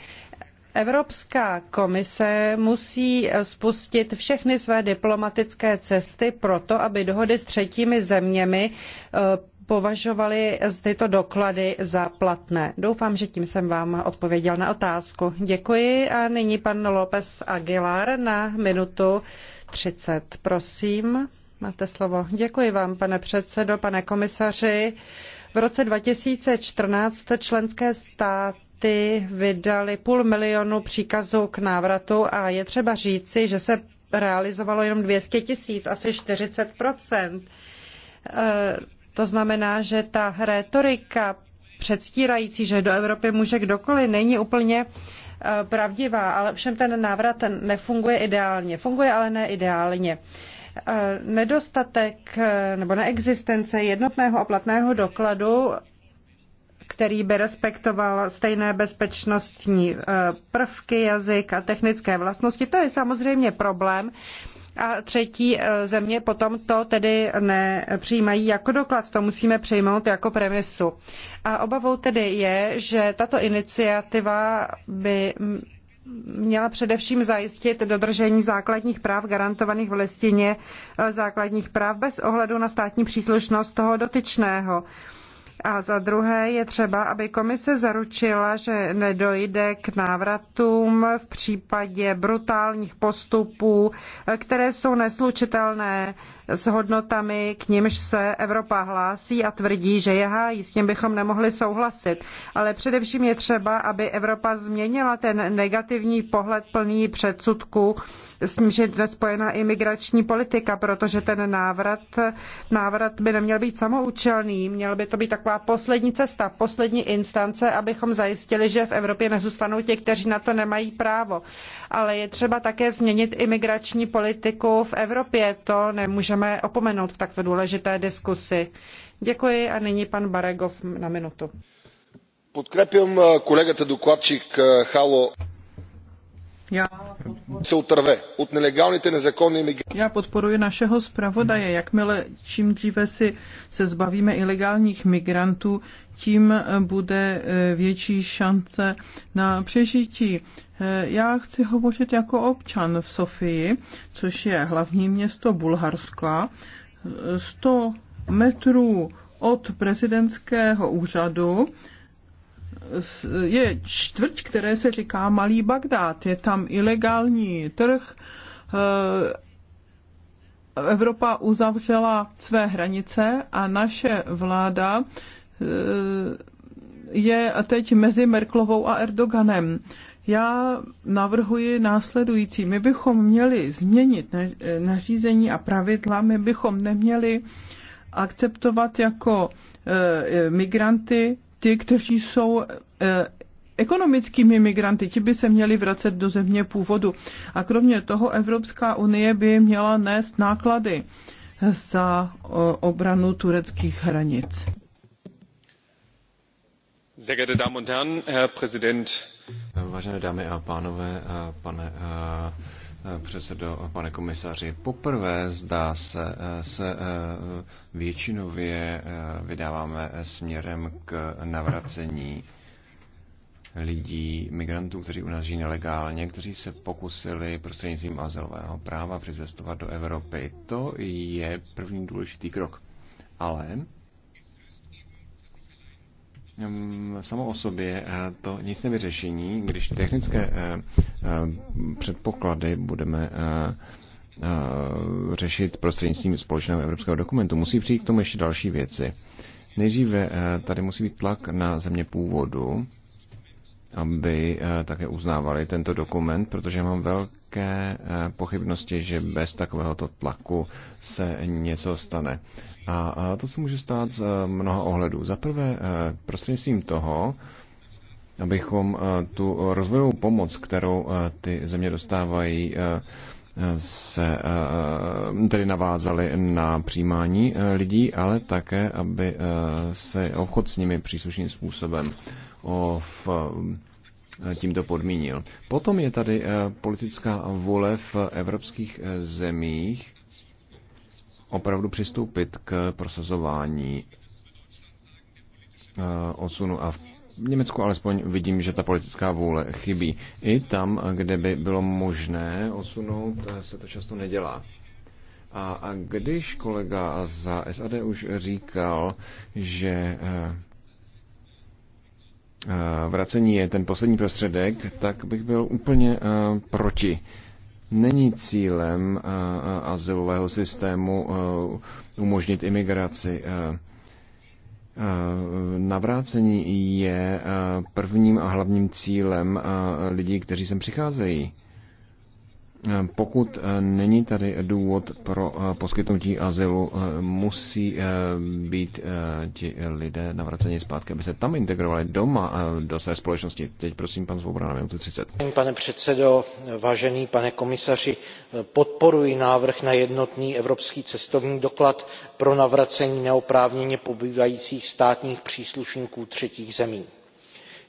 Evropská komise musí spustit všechny své diplomatické cesty proto, aby dohody s třetími zeměmi eh, považovali tyto doklady za platné. Doufám, že tím jsem vám odpověděl na otázku. Děkuji a nyní pan López Aguilar na minutu 30. Prosím, máte slovo. Děkuji vám, pane předsedo, pane komisaři. V roce 2014 členské státy státy vydali půl milionu příkazů k návratu a je třeba říci, že se realizovalo jenom 200 tisíc, asi 40 to znamená, že ta retorika předstírající, že do Evropy může kdokoliv, není úplně eh, pravdivá, ale všem ten návrat nefunguje ideálně. Funguje ale ne ideálně. Eh, nedostatek eh, nebo neexistence jednotného a platného dokladu který by respektoval stejné bezpečnostní prvky, jazyk a technické vlastnosti. To je samozřejmě problém, a třetí eh, země potom to tedy nepřijímají jako doklad. To musíme přijmout jako premisu. A obavou tedy je, že tato iniciativa by měla především zajistit dodržení základních práv garantovaných v listině eh, základních práv bez ohledu na státní příslušnost toho dotyčného. A za druhé je třeba, aby komise zaručila, že nedojde k návratům v případě brutálních postupů, které jsou neslučitelné s hodnotami, k nimž se Evropa hlásí a tvrdí, že je hájí. S tím bychom nemohli souhlasit. Ale především je třeba, aby Evropa změnila ten negativní pohled plný předsudků, s nímž je dnes spojená imigrační politika, protože ten návrat, návrat by neměl být samoučelný, měl by to být taková poslední cesta, poslední instance, abychom zajistili, že v Evropě nezůstanou ti, kteří na to nemají právo. Ale je třeba také změnit imigrační politiku v Evropě. To nemůžeme nemůžeme opomenout v takto důležité diskusi. Děkuji a nyní pan Baregov na minutu. Podkrepím eh, kolegata dokladčík eh, Halo. Já já podporuji našeho zpravodaje. Jakmile čím dříve si se zbavíme ilegálních migrantů, tím eh, bude eh, větší šance na přežití. Eh, já chci hovořit jako občan v Sofii, což je hlavní město Bulharska. 100 metrů od prezidentského úřadu je čtvrť, které se říká Malý Bagdád. Je tam ilegální trh. Eh, Evropa uzavřela své hranice a naše vláda eh, je teď mezi Merklovou a Erdoganem. Já navrhuji následující. My bychom měli změnit nařízení a pravidla, my bychom neměli akceptovat jako eh, migranty ty, kteří jsou eh, ekonomickými migranty, ti by se měli vracet do země původu. A kromě toho Evropská unie by měla nést náklady za obranu tureckých hranic. Vážené dámy a pánové, eh, pane eh, předsedo, pane komisaři. Poprvé, zdá se, se eh, většinově eh, vydáváme směrem k navracení lidí, migrantů, kteří u nás žijí nelegálně, kteří se pokusili prostřednictvím azylového práva přizestovat do Evropy. To je první důležitý krok. Ale samo o sobě eh, to nic nevyřešení, když technické eh, eh, předpoklady budeme řešit prostřednictvím společného evropského dokumentu. Musí přijít k tomu ještě další věci. Nejdříve tady musí být tlak na země původu, aby také uznávali tento dokument, protože mám velké pochybnosti, že bez takovéhoto tlaku se něco stane. A, a to se může stát z eh, mnoha ohledů. Za prvé, eh, prostřednictvím toho, abychom eh, tu rozvojovou pomoc, kterou ty země dostávají, se tedy navázali na přijímání lidí, ale také, aby se obchod s nimi příslušným způsobem v tímto podmínil. Potom je tady politická vůle v evropských zemích opravdu přistoupit k prosazování eh, osunu A v Německu alespoň vidím, že ta politická vůle chybí. I tam, kde by bylo možné osunout, eh, se to často nedělá. A, a když kolega za SAD už říkal, že eh, vracení je ten poslední prostředek, tak bych byl úplně proti. Není cílem eh, eh, azylového systému eh, umožnit imigraci. Navrácení je prvním a hlavním cílem lidí, kteří sem přicházejí. Eh, pokud eh, není tady důvod pro eh, poskytnutí azylu, musí být ti lidé navraceni zpátky, aby se tam integrovali doma do své společnosti. Teď prosím, pan Svoboda, na minutu 30. Pane předsedo, vážený pane komisaři, podporuji návrh na jednotný evropský cestovní doklad pro navracení neoprávněně pobývajících státních příslušníků třetích zemí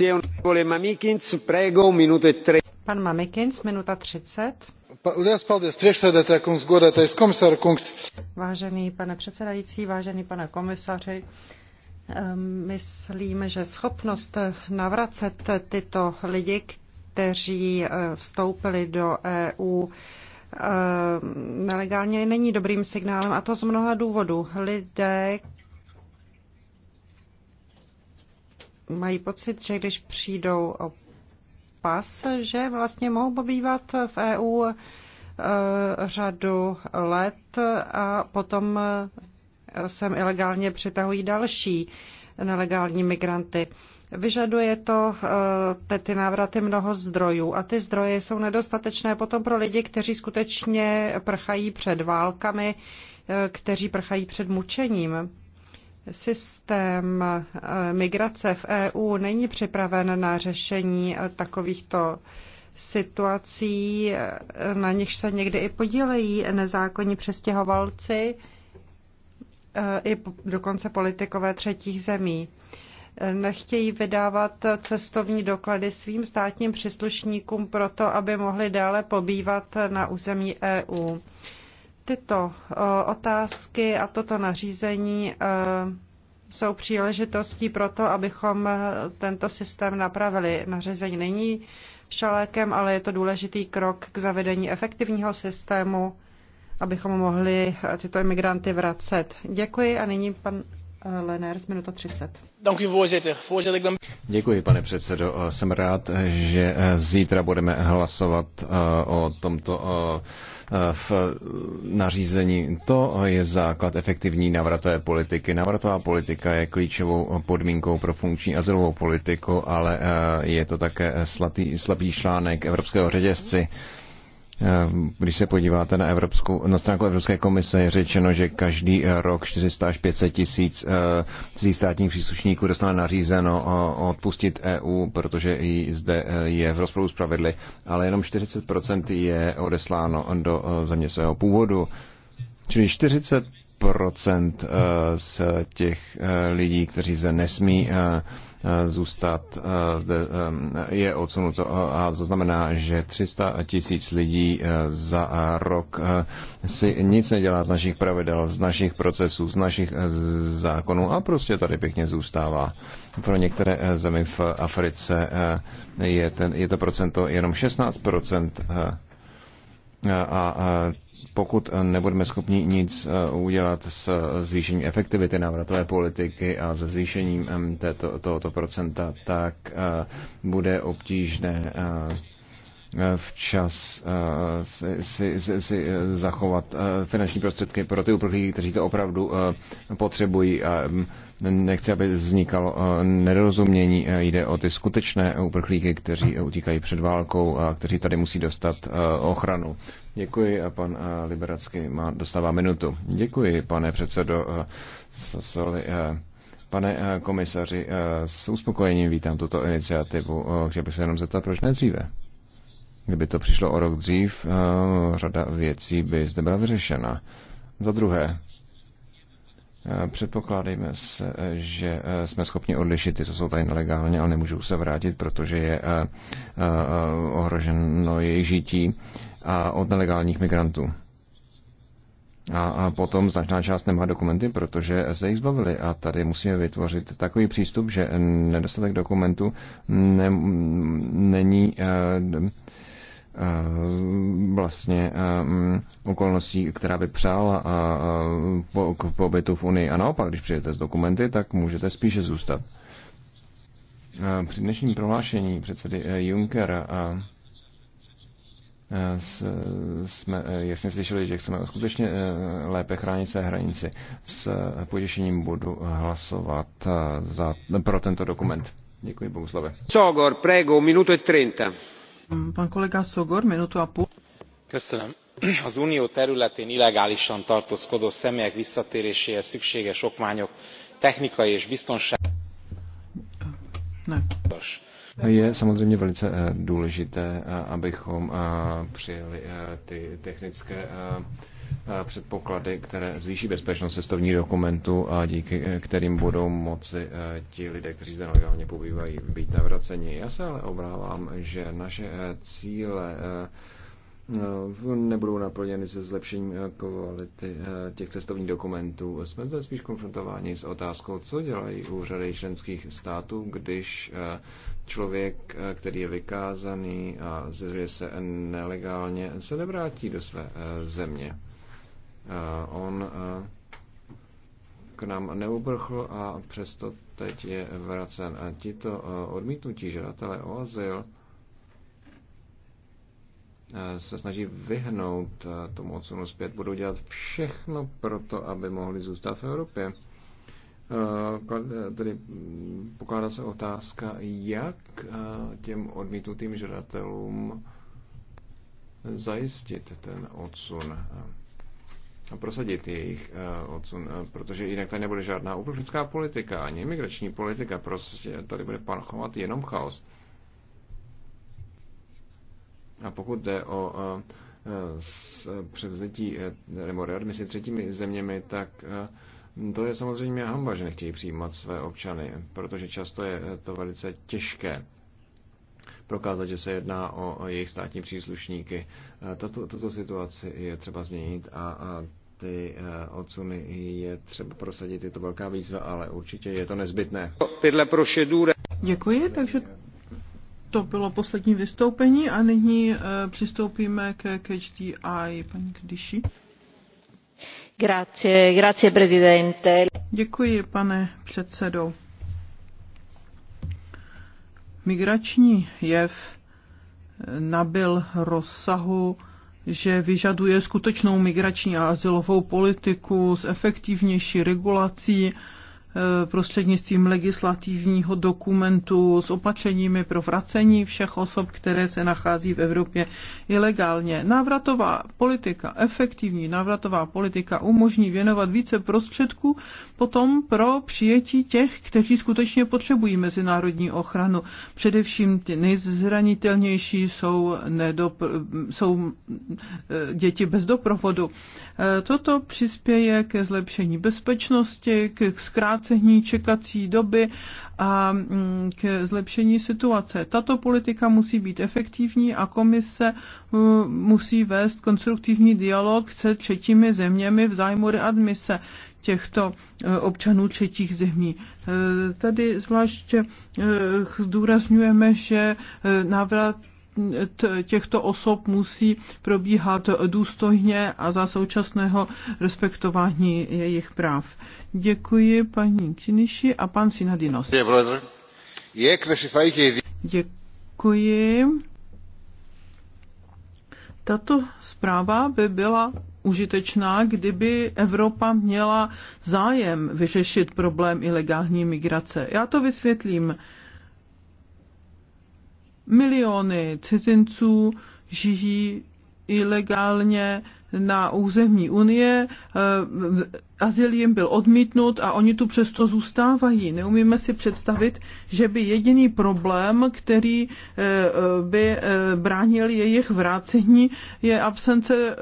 E Pan Mamikins, minuta 30. Vážený pane předsedající, vážený pane komisaři, ehm, myslím, že schopnost navracet tyto lidi, kteří eh, vstoupili do EU, ehm, nelegálně není dobrým signálem a to z mnoha důvodů. Lidé, mají pocit, že když přijdou o pas, že vlastně mohou pobývat v EU e, řadu let a potom e, sem ilegálně přitahují další nelegální migranty. Vyžaduje to e, ty návraty mnoho zdrojů a ty zdroje jsou nedostatečné potom pro lidi, kteří skutečně prchají před válkami, kteří prchají před mučením systém eh, migrace v EU není připraven na řešení eh, takovýchto situací, eh, na nich se někdy i podílejí nezákonní přestěhovalci, i dokonce politikové třetích zemí. Nechtějí vydávat cestovní doklady svým státním příslušníkům proto, aby mohli dále pobývat na území EU. Tyto eh, otázky a toto nařízení eh, jsou příležitostí pro to, abychom eh, tento systém napravili. Nařízení není šalékem, ale je to důležitý krok k zavedení efektivního systému, abychom mohli tyto imigranty vracet. Děkuji a nyní pan Leners, minuta 30. Děkuji, pane předsedo. Eh, jsem rád, že eh, zítra budeme hlasovat eh, o tomto v nařízení. To je základ efektivní navratové politiky. Navratová politika je klíčovou podmínkou pro funkční azylovou politiku, ale je to také slatý, slabý článek evropského řetězci. Eh, když se podíváte na, Evropskou, na stránku Evropské komise, je řečeno, že každý eh, rok 400 až 500 tisíc eh, cizích státních příslušníků dostane nařízeno odpustit EU, protože i zde je v rozporu s pravidly, ale jenom 40% je odesláno do země svého původu. Čili 40% z těch lidí, kteří se nesmí Eh, zůstat eh, zde eh, je odsunuto a to znamená, že 300 tisíc lidí za rok si nic nedělá z našich pravidel, z našich procesů, z našich zákonů a prostě tady pěkně zůstává. Pro některé zemi v Africe je, ten, je to procento jenom 16 a, a pokud eh, nebudeme schopni nic eh, udělat s eh, zvýšením efektivity návratové politiky a se zvýšením této, tohoto procenta, tak bude obtížné včas eh, si, si, si zachovat eh, finanční prostředky pro ty uprchlíky, kteří to opravdu eh, potřebují. Mm, nechci, aby vznikalo nedorozumění. Jde o ty skutečné uprchlíky, kteří utíkají před válkou a kteří tady musí dostat ochranu. Děkuji a pan Liberacky má, dostává minutu. Děkuji, pane předsedo Sasoli. Pane komisaři, s uspokojením vítám tuto iniciativu. Chtěl bych se jenom zeptat, proč nedříve? dříve? Kdyby to přišlo o rok dřív, eh, řada věcí by zde byla vyřešena. Za druhé, eh, Předpokládejme se, že eh, jsme schopni odlišit ty, co jsou tady nelegálně, ale nemůžou se vrátit, protože je ohroženo jejich žití a od nelegálních migrantů. A potom značná část nemá dokumenty, protože se jich zbavili. A tady musíme vytvořit takový přístup, že nedostatek dokumentů ne, není Eh, vlastně eh, okolností, která by přála eh, k pobytu v Unii. A naopak, když přijete z dokumenty, tak můžete spíše zůstat. Při dnešním prohlášení předsedy a jsme jasně slyšeli, že chceme skutečně lépe chránit své hranici. S potěšením budu hlasovat za, pro tento dokument. Děkuji, Bohuslave. Cogor, prego, minuto e 30. Az unió területén illegálisan tartózkodó személyek visszatéréséhez szükséges okmányok technikai és biztonsági Je samozřejmě velice eh, důležité, eh, eh, technické předpoklady, které zvýší bezpečnost cestovních dokumentů a díky eh, kterým budou moci eh, ti lidé, kteří zde nelegálně pobývají, být navraceni. Já se ale obrávám, že naše eh, cíle nebudou naplněny se zlepšením kvality těch cestovních dokumentů. Jsme zde spíš konfrontováni s otázkou, co dělají úřady členských států, když člověk, který je vykázaný a zjevuje se nelegálně, se nevrátí do své země. Eh, on eh, k nám neubrchl a přesto teď je vracen. A tito eh, odmítnutí žadatelé o azyl se snaží vyhnout tomu odsunu zpět, budou dělat všechno pro to, aby mohli zůstat v Evropě. Tedy mm, pokládá se otázka, jak těm odmítnutým žadatelům zajistit ten odsun a prosadit jejich eh, odsun, eh, protože jinak tady nebude žádná uprchlická politika, ani imigrační politika, prostě tady bude panchovat jenom chaos. A pokud jde o eh, s převzetí nebo readmisi třetími zeměmi, tak to je samozřejmě hamba, že nechtějí přijímat své občany, protože často je to velice těžké prokázat, že se jedná o jejich státní příslušníky. E, tato, tuto situaci je třeba změnit a, a ty e, odsuny je třeba prosadit. Je to velká výzva, ale určitě je to nezbytné. Děkuji, takže to bylo poslední vystoupení a nyní e, přistoupíme ke HDI paní Kdyši. Grazie, grazie, Presidente. Děkuji, pane předsedo. Migrační jev nabil rozsahu, že vyžaduje skutečnou migrační a asilovou politiku s efektivnější regulací Eh, prostřednictvím legislativního dokumentu s opatřeními pro vracení všech osob, které se nachází v Evropě ilegálně. Návratová politika, efektivní návratová politika umožní věnovat více prostředků potom pro přijetí těch, kteří skutečně potřebují mezinárodní ochranu. Především ty nejzranitelnější jsou, nedopr- jsou eh, děti bez doprovodu. Eh, toto přispěje ke zlepšení bezpečnosti, k zkrátení zkrácení čekací doby a mm, k zlepšení situace. Tato politika musí být efektivní a komise mm, musí vést konstruktivní dialog se třetími zeměmi v zájmu readmise těchto e, občanů třetích zemí. E, tady zvlášť e, zdůrazňujeme, že návrat těchto osob musí probíhat důstojně a za současného respektování jejich práv. Děkuji paní Kiniši a pan Sinadinos. Děkuji. Tato zpráva by byla užitečná, kdyby Evropa měla zájem vyřešit problém ilegální migrace. Já to vysvětlím. Miliony cizinců žijí ilegálně na území Unie, eh, azyl jim byl odmítnut a oni tu přesto zůstávají. Neumíme si představit, že by jediný problém, který eh, by eh, bránil jejich vrácení, je absence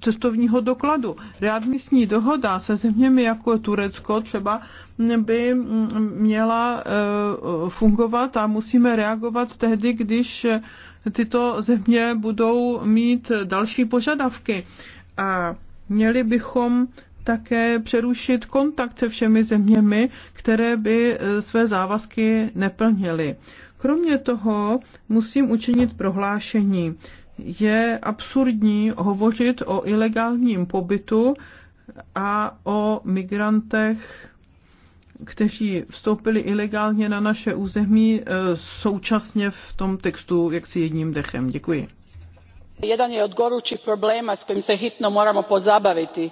cestovního dokladu. Readmisní dohoda se zeměmi jako Turecko třeba by mm, měla fungovat a musíme reagovat tehdy, když tyto země budou mít další požadavky. A měli bychom také přerušit kontakt se všemi zeměmi, které by e, své závazky neplnily. Kromě toho musím učinit prohlášení. Je absurdní hovořit o ilegálním pobytu a o migrantech kteří vstoupili ilegálně na naše území eh, současně v tom textu jaksi jedním dechem. Děkuji. Jedan je od gorućih problema s kojim se hitno moramo pozabaviti.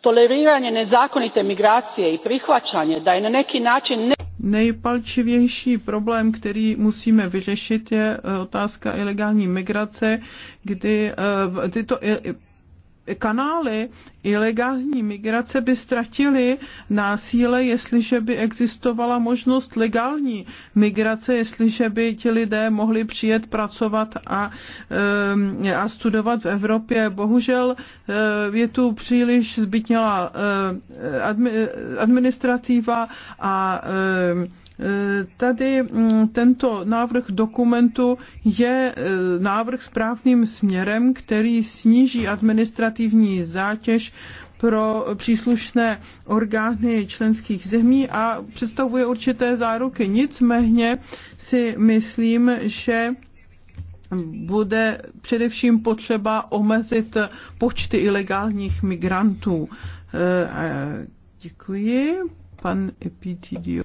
Toleriranje nezakonite migracije i prihvaćanje da je na neki način ne... Nejpalčivější problém, který musíme vyřešit, je eh, otázka ilegální migrace, kdy eh, tyto kanály ilegální migrace by ztratily násíle, jestliže by existovala možnost legální migrace, jestliže by ti lidé mohli přijet pracovat a, ehm, a studovat v Evropě. Bohužel ehm, je tu příliš zbytněla ehm, administrativa a Tady mm, tento návrh dokumentu je eh, návrh správným směrem, který sníží administrativní zátěž pro příslušné orgány členských zemí a představuje určité záruky. Nicméně si myslím, že bude především potřeba omezit počty ilegálních migrantů. Eh, děkuji, pan Epitidio.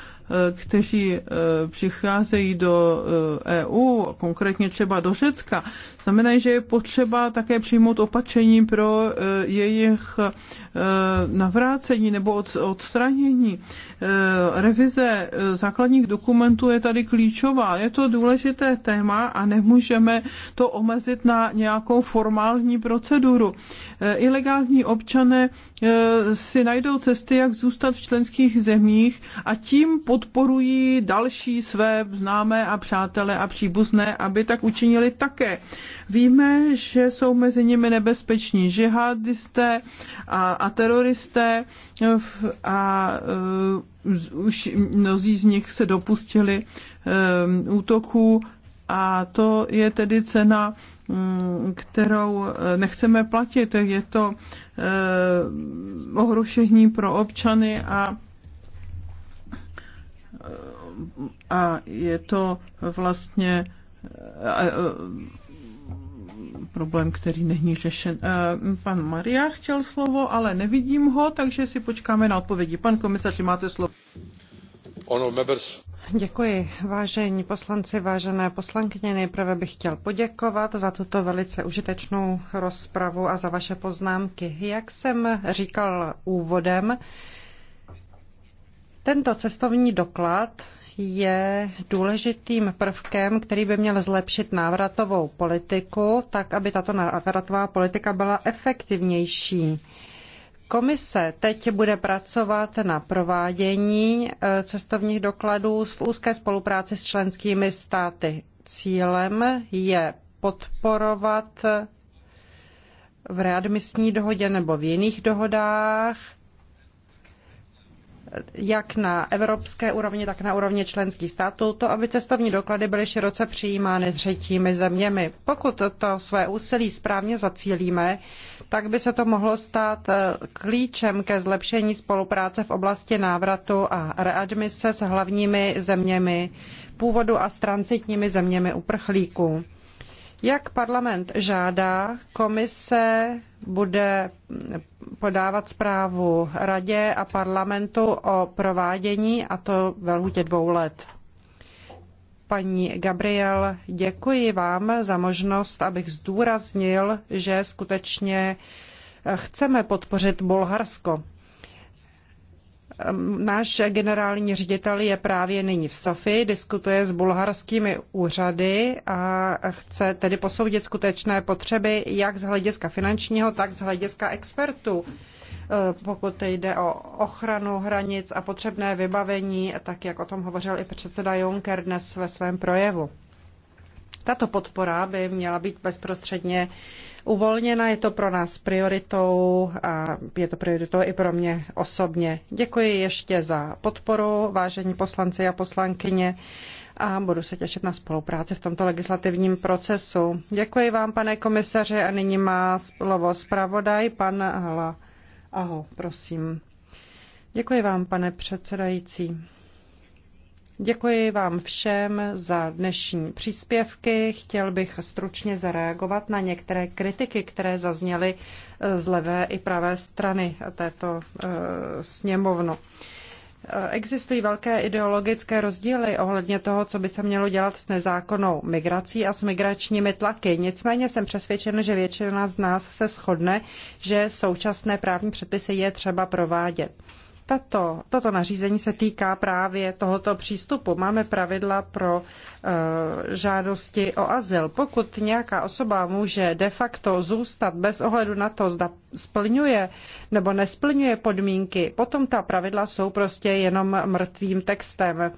Eh, kteří eh, přicházejí do EU, eh, e konkrétně třeba do Řecka, znamenají, že je potřeba také přijmout opatření pro jejich navrácení nebo odstranění. Revize základních dokumentů je tady klíčová. Je to důležité téma a nemůžeme to omezit na nějakou formální proceduru. Ilegální občané Eh, si najdou cesty, jak zůstat v členských zemích a tím podporují další své známé a přátelé a příbuzné, aby tak učinili také. Víme, že jsou mezi nimi nebezpeční žihadisté a, a teroristé eh, a uh, už mnozí z nich se dopustili um, útoků a to je tedy cena Mm, kterou eh, nechceme platit. Je to eh, ohrušení pro občany a eh, a je to vlastně problém, který není řešen. Pan Maria chtěl slovo, ale nevidím ho, takže si počkáme na odpovědi. Pan komisař, máte slovo. Děkuji. Vážení poslanci, vážené poslankyně, nejprve bych chtěl poděkovat za tuto velice užitečnou rozpravu a za vaše poznámky. Jak jsem říkal úvodem, tento cestovní doklad je důležitým prvkem, který by měl zlepšit návratovou politiku, tak aby tato návratová politika byla efektivnější. Komise teď bude pracovat na provádění e, cestovních dokladů v úzké spolupráci s členskými státy. Cílem je podporovat v readmisní dohodě nebo v jiných dohodách jak na evropské úrovni, tak na úrovni členských států, to, aby cestovní doklady byly široce přijímány třetími zeměmi. Pokud to své úsilí správně zacílíme, tak by se to mohlo stát eh, klíčem ke zlepšení spolupráce v oblasti návratu a readmise s hlavními zeměmi původu a s transitními zeměmi uprchlíků. Jak parlament žádá, komise bude podávat zprávu radě a parlamentu o provádění a to ve lhůtě dvou let. Paní Gabriel, děkuji vám za možnost, abych zdůraznil, že skutečně chceme podpořit Bulharsko. Ehm, náš generální ředitel je právě nyní v Sofii, diskutuje s bulharskými úřady a chce tedy posoudit skutečné potřeby jak z hlediska finančního, tak z hlediska expertů. Ehm, pokud jde o ochranu hranic a potřebné vybavení, tak jak o tom hovořil i předseda Juncker dnes ve svém projevu. Tato podpora by měla být bezprostředně uvolněna. Je to pro nás prioritou a je to prioritou i pro mě osobně. Děkuji ještě za podporu, vážení poslanci a poslankyně a budu se těšit na spolupráci v tomto legislativním procesu. Děkuji vám, pane komisaři, a nyní má slovo zpravodaj, pan Hala. Aho, prosím. Děkuji vám, pane předsedající. Děkuji vám všem za dnešní příspěvky. Chtěl bych stručně zareagovat na některé kritiky, které zazněly eh, z levé i pravé strany této eh, sněmovnu. Eh, existují velké ideologické rozdíly ohledně toho, co by se mělo dělat s nezákonnou migrací a s migračními tlaky. Nicméně jsem přesvědčen, že většina z nás se shodne, že současné právní předpisy je třeba provádět tato, toto nařízení se týká právě tohoto přístupu. Máme pravidla pro e, žádosti o azyl. Pokud nějaká osoba může de facto zůstat bez ohledu na to, zda splňuje nebo nesplňuje podmínky, potom ta pravidla jsou prostě jenom mrtvým textem.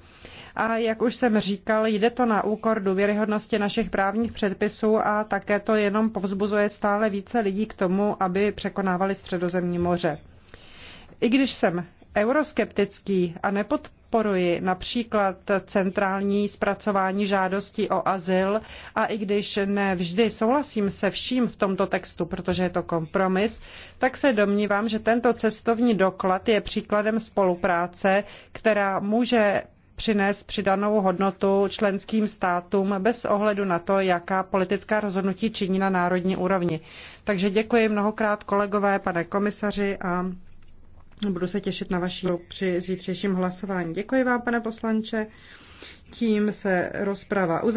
A jak už jsem říkal, jde to na úkor důvěryhodnosti našich právních předpisů a také to jenom povzbuzuje stále více lidí k tomu, aby překonávali středozemní moře. I když jsem euroskeptický a nepodporuji například centrální zpracování žádostí o azyl a i když ne vždy souhlasím se vším v tomto textu, protože je to kompromis, tak se domnívám, že tento cestovní doklad je příkladem spolupráce, která může přinést přidanou hodnotu členským státům bez ohledu na to, jaká politická rozhodnutí činí na národní úrovni. Takže děkuji mnohokrát kolegové, pane komisaři a Budu se těšit na vaši při zítřejším hlasování. Děkuji vám, pane poslanče. Tím se rozprava uzavřela.